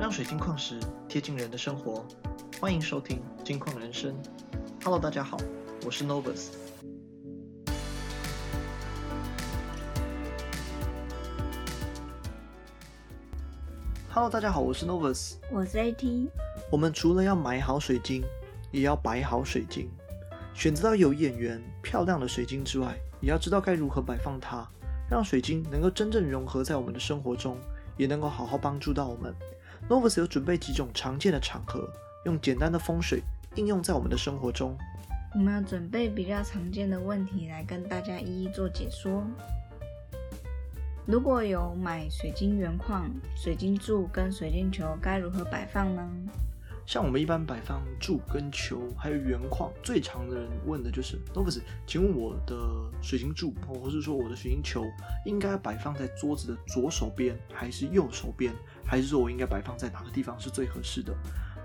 讓水晶礦石貼近人的生活，歡迎收聽《晶礦人生》。Hello，大家好，我是 Novus。Hello，大家好，我是 Novus。我是 IT。我們除了要買好水晶，也要擺好水晶。選擇到有眼緣、漂亮的水晶之外，也要知道該如何擺放它，讓水晶能夠真正融合在我們的生活中，也能夠好好幫助到我們。Novus 有準備幾種常見的場合，用簡單的風水應用在我們的生活中。我們要準備比較常見的問題來跟大家一一做解說。如果有買水晶原礦、水晶柱跟水晶球，該如何擺放呢？像我們一般擺放柱跟球，還有原礦，最常的人問的就是 Novus，請問我的水晶柱，或者是說我的水晶球，應該擺放在桌子的左手邊，還是右手邊，還是說我應該擺放在哪個地方是最合適的？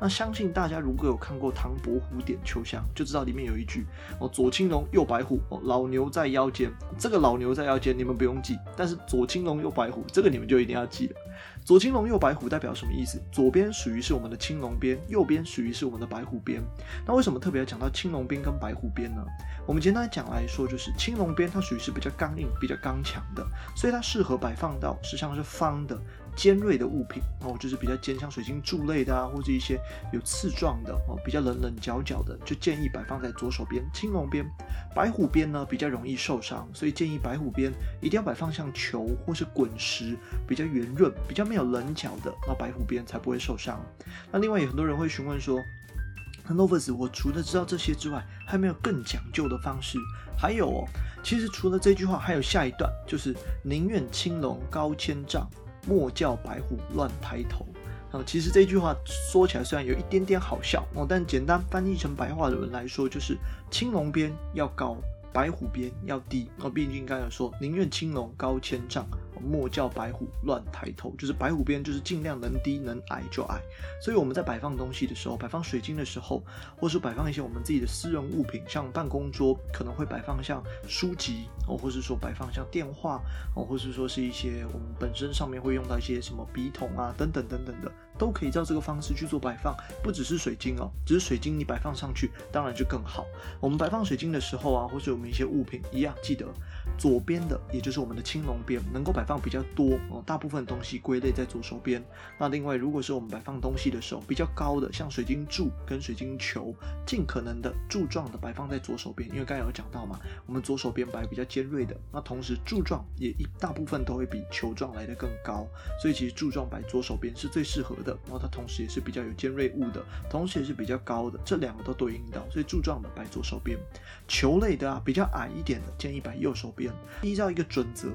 那相信大家如果有看過唐伯虎點秋香，就知道裡面有一句哦，左青龍右白虎，哦，老牛在腰間。這個老牛在腰間你們不用記，但是左青龍右白虎這個你們就一定要記了。左青龍右白虎代表什麼意思？左邊屬於是我們的青龍邊，右邊屬於是我們的白虎邊。那為什麼特別要講到青龍邊跟白虎邊呢？我們簡單來講來說，就是青龍邊它屬於是比較剛硬、比較剛強的，所以它適合擺放到實際上是方的。尖銳的物品哦，就是比較尖，像水晶柱類的啊，或者一些有刺狀的哦，比較稜稜角角的，就建議擺放在左手邊青龍邊。白虎邊呢比較容易受傷，所以建議白虎邊一定要擺放像球或是滾石，比較圓潤、比較沒有稜角的，那白虎邊才不會受傷。那另外有很多人會詢問說，Novus，我除了知道這些之外，還沒有更講究的方式？還有哦，其實除了這句話，還有下一段，就是寧願青龍高千丈。莫叫白虎亂抬頭。啊，其實這句話說起來雖然有一點點好笑，但簡單翻譯成白話的人來說，就是青龍邊要高。白虎邊要低，那畢竟剛才有說寧願青龍高千丈，莫叫白虎亂抬頭，就是白虎邊就是盡量能低能矮就矮。所以我們在擺放東西的時候，擺放水晶的時候，或是擺放一些我們自己的私人物品，像辦公桌可能會擺放像書籍哦，或是說擺放像電話哦，或是說是一些我們本身上面會用到一些什麼筆筒啊等等等等的。都可以照這個方式去做擺放，不只是水晶哦，只是水晶你擺放上去當然就更好。我們擺放水晶的時候啊，或是我們一些物品一樣，記得左邊的也就是我們的青龍邊能夠擺放比較多哦，大部分東西歸類在左手邊。那另外，如果是我們擺放東西的時候，比較高的像水晶柱跟水晶球，盡可能的柱狀的擺放在左手邊，因為剛才有講到嘛，我們左手邊擺比較尖銳的，那同時柱狀也一大部分都會比球狀來得更高，所以其實柱狀擺左手邊是最適合的，然後它同時也是比較有尖銳物的，同時也是比較高的，這兩個都對應到，所以柱狀的擺左手邊，球類的啊，比較矮一點的，建議擺右手邊。依照一個準則，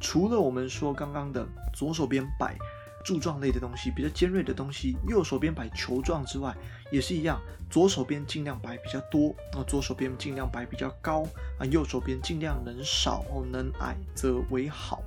除了我們說剛剛的左手邊擺柱狀類的東西，比較尖銳的東西，右手邊擺球狀之外，也是一樣，左手邊盡量擺比較多，啊，左手邊盡量擺比較高，啊，右手邊盡量能少，能矮則為好。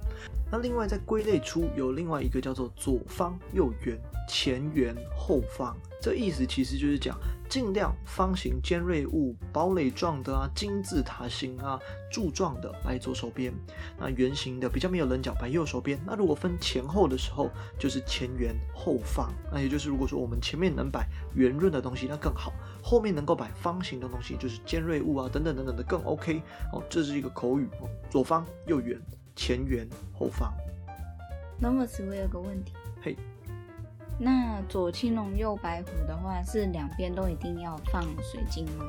那另外在歸類出有另外一個叫做左方右圓前圓後方，這意思其實就是講，盡量方形尖銳物堡壘狀的啊、金字塔形啊、柱狀的擺左手邊，那圓形的比較沒有稜角擺右手邊。那如果分前後的時候，就是前圓後方。那也就是如果說我們前面能擺圓潤的東西，那更好；後面能夠擺方形的東西，就是尖銳物啊等等等等的更 OK。哦，這是一個口語，哦，左方右圓。前圓，後方。那麼 m b 有個問題。嘿、hey，那左青龍右白虎的話，是兩邊都一定要放水晶嗎？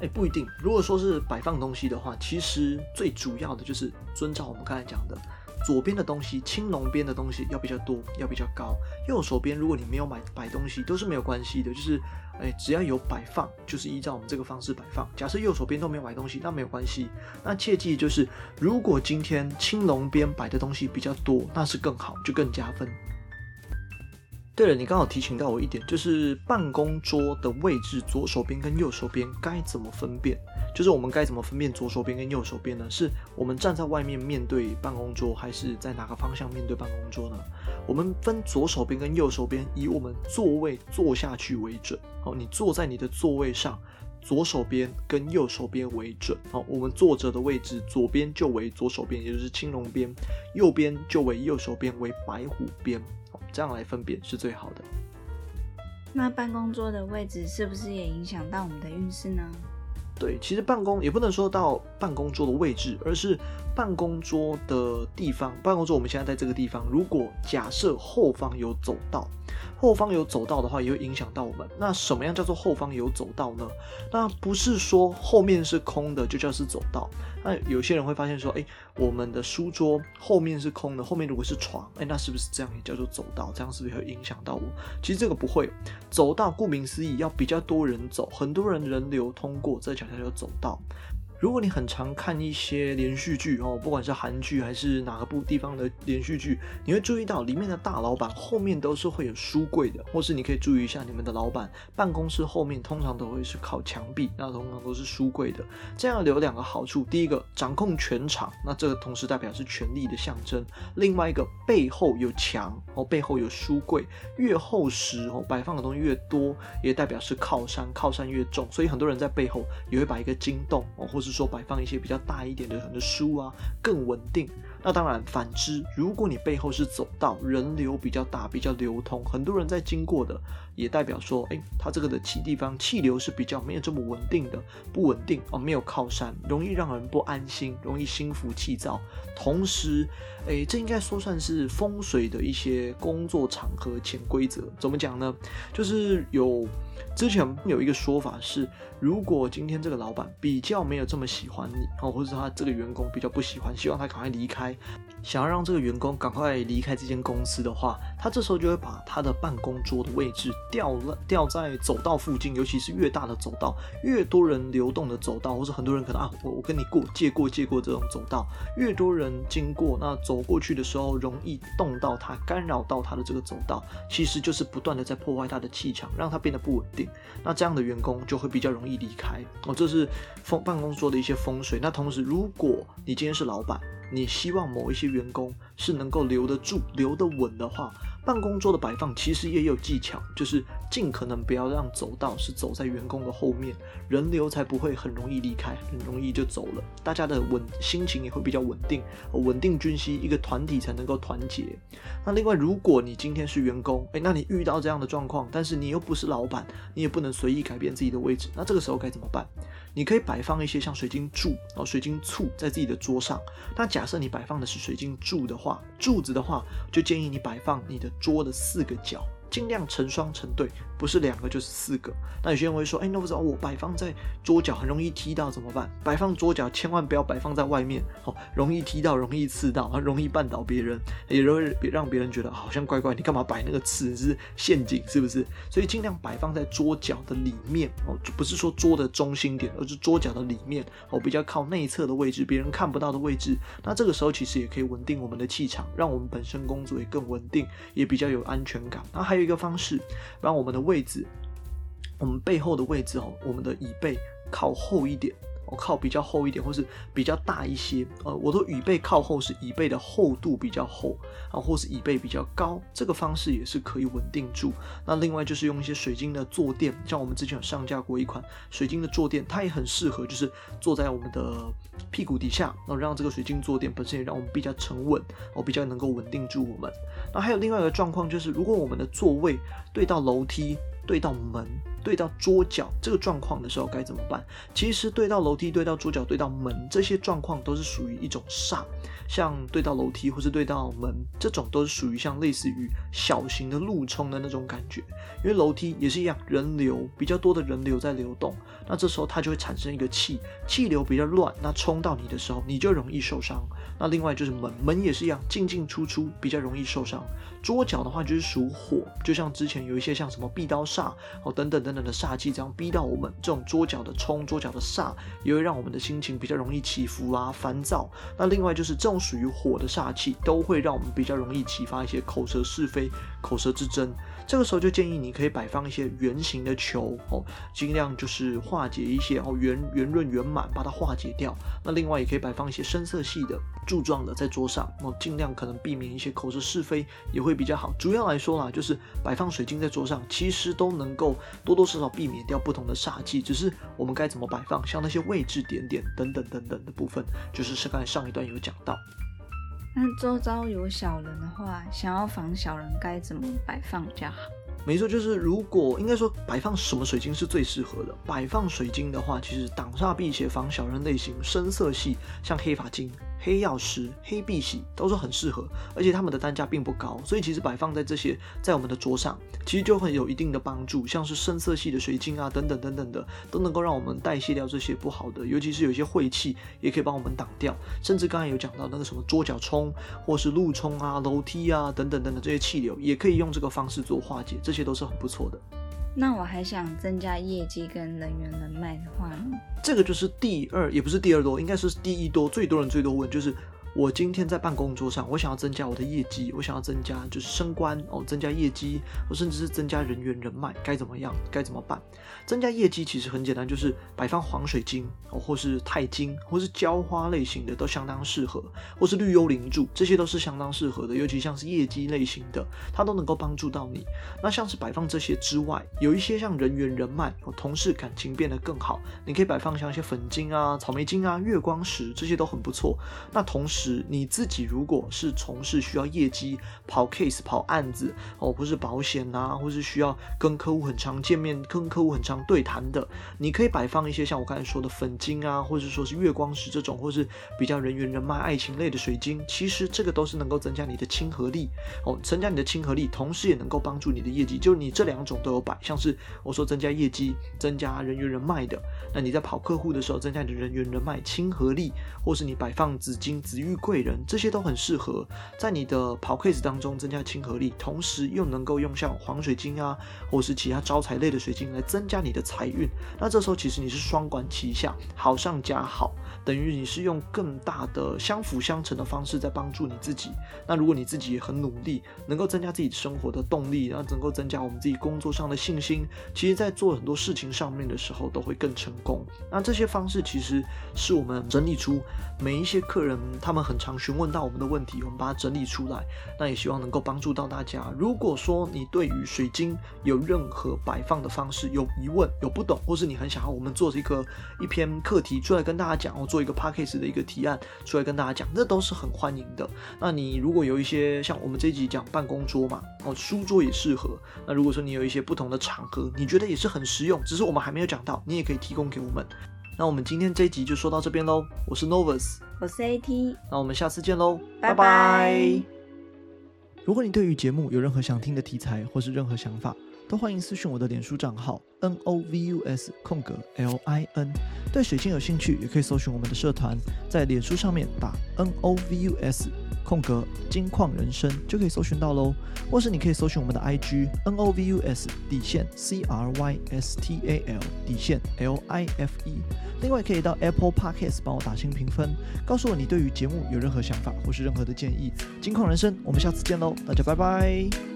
哎、欸，不一定。如果說是擺放東西的話，其實最主要的就是遵照我們剛才講的。左邊的東西，青龍邊的東西要比較多，要比較高。右手邊如果你沒有買擺東西，都是沒有關係的。就是，誒、欸，只要有擺放，就是依照我們這個方式擺放。假設右手邊都沒有買東西，那沒有關係。那切記就是，如果今天青龍邊擺的東西比較多，那是更好，就更加分。對了，你剛好提醒到我一點，就是辦公桌的位置，左手邊跟右手邊該怎麼分辨？就是我們該怎麼分辨左手邊跟右手邊呢？是我們站在外面面對辦公桌，還是在哪個方向面對辦公桌呢？我們分左手邊跟右手邊，以我們座位坐下去為準。好，你坐在你的座位上，左手邊跟右手邊為準。好，我們坐着的位置左邊就為左手邊，也就是青龍邊；右邊就為右手邊，為白虎邊。這樣來分辨是最好的。那辦公桌的位置是不是也影響到我們的運勢呢？對，其實辦公也不能說到辦公桌的位置，而是辦公桌的地方。辦公桌我們現在在這個地方，如果假設後方有走道。後方有走道的話，也會影響到我們。那什麼樣叫做後方有走道呢？那不是說後面是空的就叫是走道。那有些人會發現說，哎、欸，我們的書桌後面是空的，後面如果是床，哎、欸，那是不是這樣也叫做走道？這樣是不是也會影響到我？其實這個不會，走道顧名思義要比較多人走，很多人人流通過，這下、個、叫走道。如果你很常看一些連續劇哦，不管是韓劇還是哪個部地方的連續劇，你會注意到裡面的大老板後面都是會有書櫃的，或是你可以注意一下你們的老板辦公室後面通常都會是靠牆壁，那通常都是書櫃的。這樣有兩個好處，第一個掌控全場，那這個同時代表是權力的象徵，另外一個背後有牆哦，背後有書櫃，越厚實哦，擺放的東西越多，也代表是靠山，靠山越重。所以很多人在背後也會把一個晶洞，哦，或是。說擺放一些比較大一點的，很多書啊，更穩定。那當然，反之，如果你背後是走道，人流比較大，比較流通，很多人在經過的，也代表說，哎、欸，他這個的氣地方，氣流是比較沒有這麼穩定的，不穩定哦，沒有靠山，容易讓人不安心，容易心浮氣躁。同時，哎、欸，這應該說算是風水的一些工作場合潛規則。怎麼講呢？就是有，之前有一個說法是，如果今天這個老闆比較沒有這麼喜歡你，哦，或者是他這個員工比較不喜歡，希望他趕快離開。想要讓這個員工趕快離開這間公司的話，他這時候就會把他的辦公桌的位置調了，調在走道附近，尤其是越大的走道，越多人流動的走道，或是很多人可能啊，我我跟你過，借過借過這種走道，越多人經過，那走過去的時候容易動到他，干擾到他的這個走道，其實就是不斷的在破壞他的氣場，讓他變得不穩定。那這樣的員工就會比較容易離開哦。這是風辦公桌的一些風水。那同時，如果你今天是老闆，你希望某一些員工，是能夠留得住、留得穩的話，辦公桌的擺放其實也有技巧，就是盡可能不要讓走道是走在員工的後面，人流才不會很容易離開，很容易就走了。大家的穩心情也會比較穩定，穩定軍心，一個團體才能夠團結。那另外，如果你今天是員工，哎、欸，那你遇到這樣的狀況，但是你又不是老闆，你也不能隨意改變自己的位置，那這個時候該怎麼辦？你可以擺放一些像水晶柱，然後水晶簇在自己的桌上。那假設你擺放的是水晶柱的話，柱子的話，就建議你擺放你的桌的四個角。盡量成雙成對，不是兩個就是四個。那有些人會說：“哎、欸，那不知道我擺放在桌角，很容易踢到怎麼辦？”擺放桌角千萬不要擺放在外面哦，容易踢到，容易刺到，容易絆倒別人，也容易讓別人覺得好像怪怪。你幹嘛擺那個刺是陷阱，是不是？所以盡量擺放在桌角的裡面哦，就不是說桌的中心點，而是桌角的裡面哦，比較靠內側的位置，別人看不到的位置。那這個時候其實也可以穩定我們的氣場，讓我們本身工作也更穩定，也比較有安全感。那還有。一個方式，讓我們的位置，我們背後的位置哦，我們的椅背靠後一點。靠比較厚一點，或是比較大一些，呃，我的椅背靠後是椅背的厚度比較厚啊，或是椅背比較高，這個方式也是可以穩定住。那另外就是用一些水晶的坐墊，像我們之前有上架過一款水晶的坐墊，它也很適合，就是坐在我們的屁股底下，那、啊、讓這個水晶坐墊本身也讓我們比較沉穩，哦、啊，比較能夠穩定住我們。那還有另外一個狀況就是，如果我們的座位對到樓梯，對到門。對到桌角這個狀況的時候該怎麼辦？其實對到樓梯、對到桌角、對到門這些狀況都是屬於一種煞，像對到樓梯或是對到門這種都是屬於像類似於小型的路衝的那種感覺，因為樓梯也是一樣，人流比較多的人流在流動，那這時候它就會產生一個氣，氣流比較亂，那衝到你的時候你就容易受傷。那另外就是門，門也是一樣，進進出出比較容易受傷。桌角的話就是屬火，就像之前有一些像什麼壁刀煞，哦，等等等。的煞氣這樣逼到我們，這種桌角的沖、桌角的煞，也會讓我們的心情比較容易起伏啊、煩躁。那另外就是這種屬於火的煞氣，都會讓我們比較容易啟發一些口舌是非、口舌之爭。這個時候就建議你可以擺放一些圓形的球哦，盡量就是化解一些哦，圓圓潤圓滿，把它化解掉。那另外也可以擺放一些深色系的柱狀的在桌上哦，盡量可能避免一些口舌是非，也會比較好。主要來說啦，就是擺放水晶在桌上，其實都能夠多多。多少要避免掉不同的煞氣，只是我們該怎麼擺放，像那些位置點點等等等等的部分，就是是剛才上一段有講到。那周遭有小人的話，想要防小人該怎麼擺放比較好？沒錯，就是如果應該說擺放什麼水晶是最適合的。擺放水晶的話，其實擋煞闢邪防小人類型，深色系像黑髮晶、黑曜石、黑碧璽都是很適合，而且它們的單價並不高，所以其實擺放在這些在我們的桌上，其實就很有一定的幫助。像是深色系的水晶啊，等等等等的，都能夠讓我們代謝掉這些不好的，尤其是有些晦氣，也可以幫我們擋掉。甚至剛才有講到那個什麼桌角沖，或是路沖啊、樓梯啊，等等等等這些氣流，也可以用這個方式做化解，這些都是很不錯的。那我還想增加業績跟人員人脈的話呢？這個就是第二，也不是第二多，應該是第一多，最多人最多問，就是。我今天在辦公桌上，我想要增加我的業績，我想要增加就是升官哦，增加業績，我甚至是增加人員人脈，該怎麼樣？該怎麼辦？增加業績其實很簡單，就是擺放黃水晶哦，或是鈦晶，或是膠花類型的都相當適合，或是綠幽靈柱，這些都是相當適合的。尤其像是業績類型的，它都能夠幫助到你。那像是擺放這些之外，有一些像人員人脈、哦、同事感情變得更好，你可以擺放像一些粉晶啊、草莓晶啊、月光石這些都很不錯。那同時。是你自己，如果是從事需要業績跑 case 跑案子哦，不是保險吶、啊，或是需要跟客戶很常見面、跟客戶很常對談的，你可以擺放一些像我剛才說的粉晶啊，或者說是月光石這種，或是比較人緣人脈愛情類的水晶。其實這個都是能夠增加你的親和力哦，增加你的親和力，同時也能夠幫助你的業績。就你這兩種都有擺，像是我說增加業績、增加人緣人脈的，那你在跑客戶的時候，增加你的人緣人脈親和力，或是你擺放紫金紫玉貴人，這些都很適合在你的跑 case 當中，增加親和力，同時又能夠用像黃水晶啊，或是其他招財類的水晶來增加你的財運。那這時候其實你是雙管齊下，好上加好，等於你是用更大的相輔相成的方式在幫助你自己。那如果你自己也很努力，能夠增加自己生活的動力，然後能夠增加我們自己工作上的信心，其實在做很多事情上面的時候都會更成功。那這些方式其實是我們整理出每一些客人他們。很常詢問到我們的問題，我們把它整理出來，那也希望能夠幫助到大家。如果說你對於水晶有任何擺放的方式有疑問、有不懂，或是你很想要我們做一、這個一篇課題出來跟大家講，或、哦、做一個 podcast 的一個提案出來跟大家講，那都是很歡迎的。那你如果有一些像我們這一集講辦公桌嘛，哦，書桌也適合。那如果說你有一些不同的場合，你覺得也是很實用，只是我們還沒有講到，你也可以提供給我們。那我們今天這集就說到這邊嘍，我是 Novus，我是 AT，那我們下次見嘍，拜拜。如果你對於節目有任何想聽的題材或是任何想法，都歡迎私訊我的臉書賬號 Novus 空格 Lin。對水晶有興趣，也可以搜尋我們的社團，在臉書上面打 Novus。空格晶礦人生就可以搜尋到嘍，或是你可以搜尋我們的 I G N O V U S 底線 C R Y S T A L 底線 L I F E。另外可以到 Apple Podcasts 幫我打星評分，告訴我你對於節目有任何想法或是任何的建議。晶礦人生，我們下次見嘍，大家拜拜。